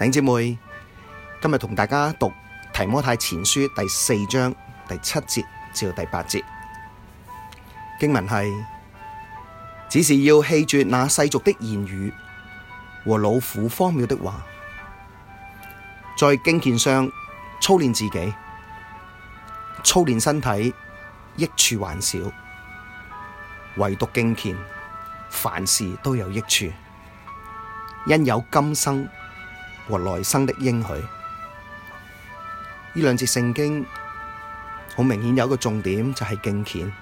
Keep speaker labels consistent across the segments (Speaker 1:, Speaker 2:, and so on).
Speaker 1: 頂姐妹，今日同大家讀《提摩太前書》第四章第七節至第八節經文係，只是要棄絕那世俗的言語和老婦荒謬的話，在敬虔上操練自己，操練身體益處還少，唯獨敬虔凡事都有益處，因有今生。和來生的應許，呢兩節聖經好明顯有一個重點，就係敬虔，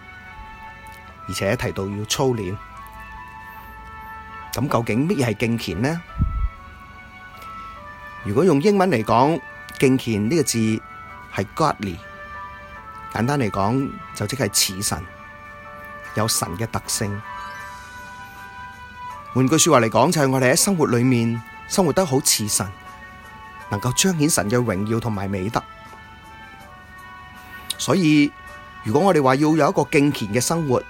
Speaker 1: 而且提到要操練。咁究竟咩係敬虔呢？如果用英文嚟講，敬虔呢個字係 godly，簡單嚟講就即係似神，有神嘅特性。換句説話嚟講，就係我哋喺生活裏面生活得好似神。能夠彰顯神嘅榮耀同埋美德，所以如果我哋話要有一個敬虔嘅生活，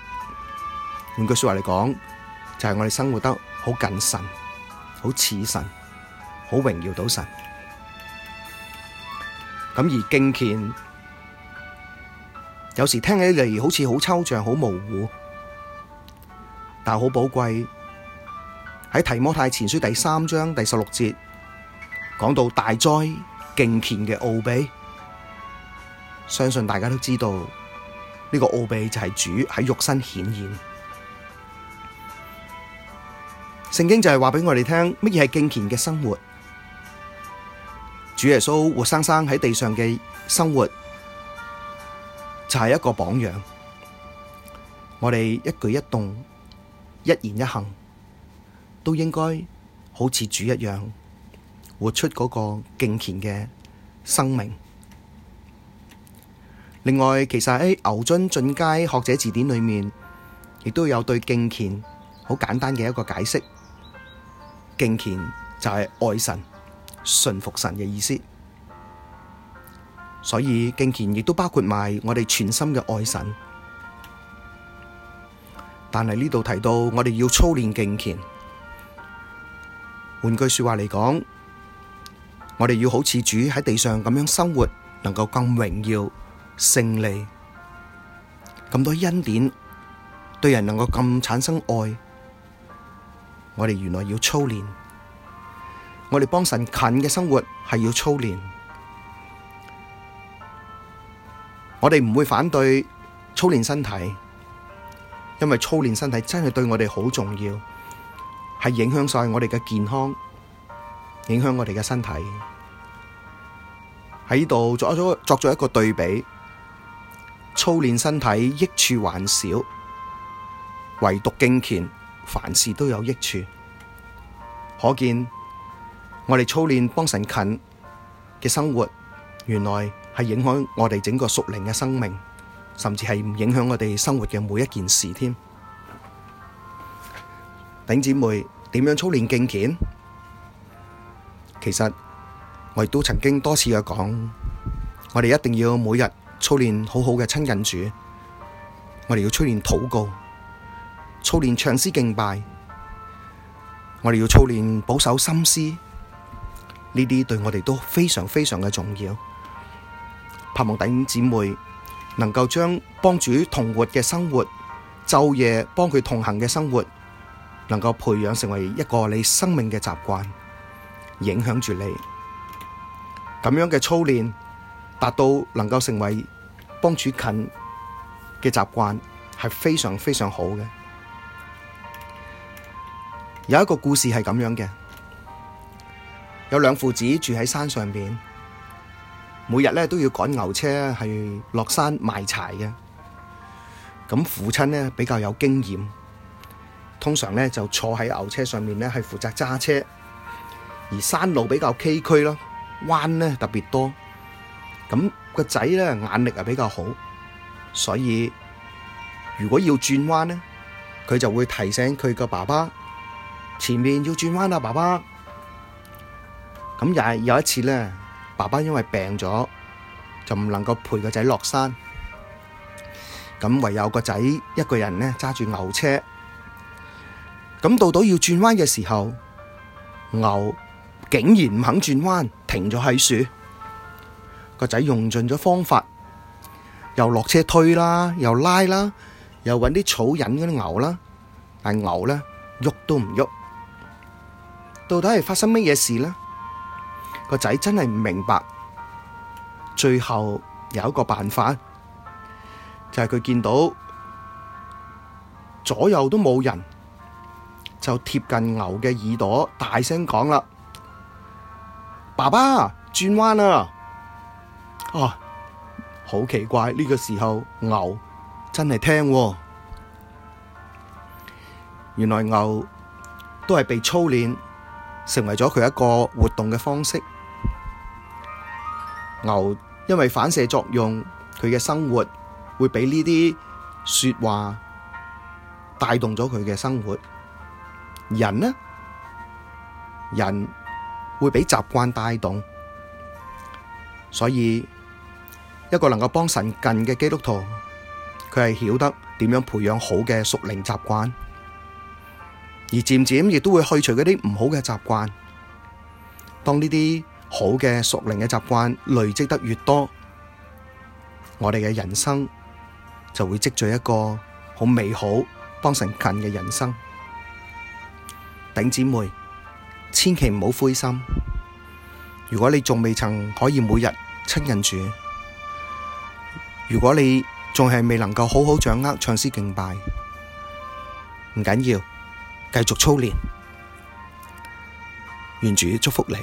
Speaker 1: 換句説話嚟講，就係我哋生活得好謹慎，好似神，好榮耀到神。咁而敬虔有時聽起嚟好似好抽象、好模糊，但好寶貴。喺提摩太前書第三章第十六節。講到大哉敬虔嘅奧秘，相信大家都知道呢、這個奧秘就係主喺肉身顯現。聖經就係話俾我哋聽乜嘢係敬虔嘅生活，主耶穌活生生喺地上嘅生活就係、是、一個榜樣。我哋一舉一動、一言一行都應該好似主一樣。活出嗰個敬虔嘅生命。另外，其實喺牛津進階學者字典裏面，亦都有對敬虔好簡單嘅一個解釋。敬虔就係愛神、信服神嘅意思。所以敬虔亦都包括埋我哋全心嘅愛神。但係呢度提到，我哋要操練敬虔。換句說話嚟講。我哋要好似主喺地上咁樣生活，能夠更榮耀、勝利，咁多恩典對人能夠咁產生愛，我哋原來要操練，我哋幫神近嘅生活係要操練，我哋唔會反對操練身體，因為操練身體真係對我哋好重要，係影響晒我哋嘅健康。影響我哋嘅身體喺度作咗作咗一個對比，操練身體益處還少，唯獨敬虔，凡事都有益處。可見我哋操練幫神近嘅生活，原來係影響我哋整個屬靈嘅生命，甚至係影響我哋生活嘅每一件事添。頂姊妹點樣操練敬虔？其實我亦都曾經多次嘅講，我哋一定要每日操練好好嘅親近主，我哋要操練禱告，操練唱詩敬拜，我哋要操練保守心思，呢啲對我哋都非常非常嘅重要。盼望弟兄姊妹能夠將幫主同活嘅生活，晝夜幫佢同行嘅生活，能夠培養成為一個你生命嘅習慣。影響住你咁樣嘅操練，達到能夠成為幫助敬虔嘅習慣，係非常非常好嘅。有一個故事係咁樣嘅，有兩父子住喺山上邊，每日咧都要趕牛車去落山賣柴嘅。咁父親咧比較有經驗，通常咧就坐喺牛車上面咧係負責揸車。而山路比較崎嶇咯，彎咧特別多。咁個仔咧眼力係比較好，所以如果要轉彎咧，佢就會提醒佢個爸爸前面要轉彎啦，啊，爸爸。咁又係有一次咧，爸爸因為病咗，就唔能夠陪個仔落山。咁唯有個仔一個人咧揸住牛車。咁到到要轉彎嘅時候，牛竟然唔肯轉彎，停咗喺樹。個仔用盡咗方法，又落車推啦，又拉啦，又搵啲草引嗰啲牛啦，但牛咧，喐都唔喐。到底係發生乜嘢事咧？個仔真係唔明白。最後有一個辦法，就係佢見到左右都冇人，就貼近牛嘅耳朵大聲講啦。爸爸，轉彎啦！哦、啊，好奇怪呢、呢個時候牛真係聽、哦，原來牛都係被操練，成為咗佢一個活動嘅方式。牛因為反射作用，佢嘅生活會俾呢啲說話帶動咗佢嘅生活。人呢？人。會俾習慣帶動，所以一個能夠幫神近嘅基督徒，佢係曉得點樣培養好嘅屬靈習慣，而漸漸亦都會去除嗰啲唔好嘅習慣。當呢啲好嘅屬靈嘅習慣累積得越多，我哋嘅人生就會積聚一個好美好幫神近嘅人生。頂姊妹。千祈唔好灰心，如果你仲未曾可以每日親近主，如果你仲係未能夠好好掌握唱詩敬拜，唔緊要，繼續操練，願主祝福你。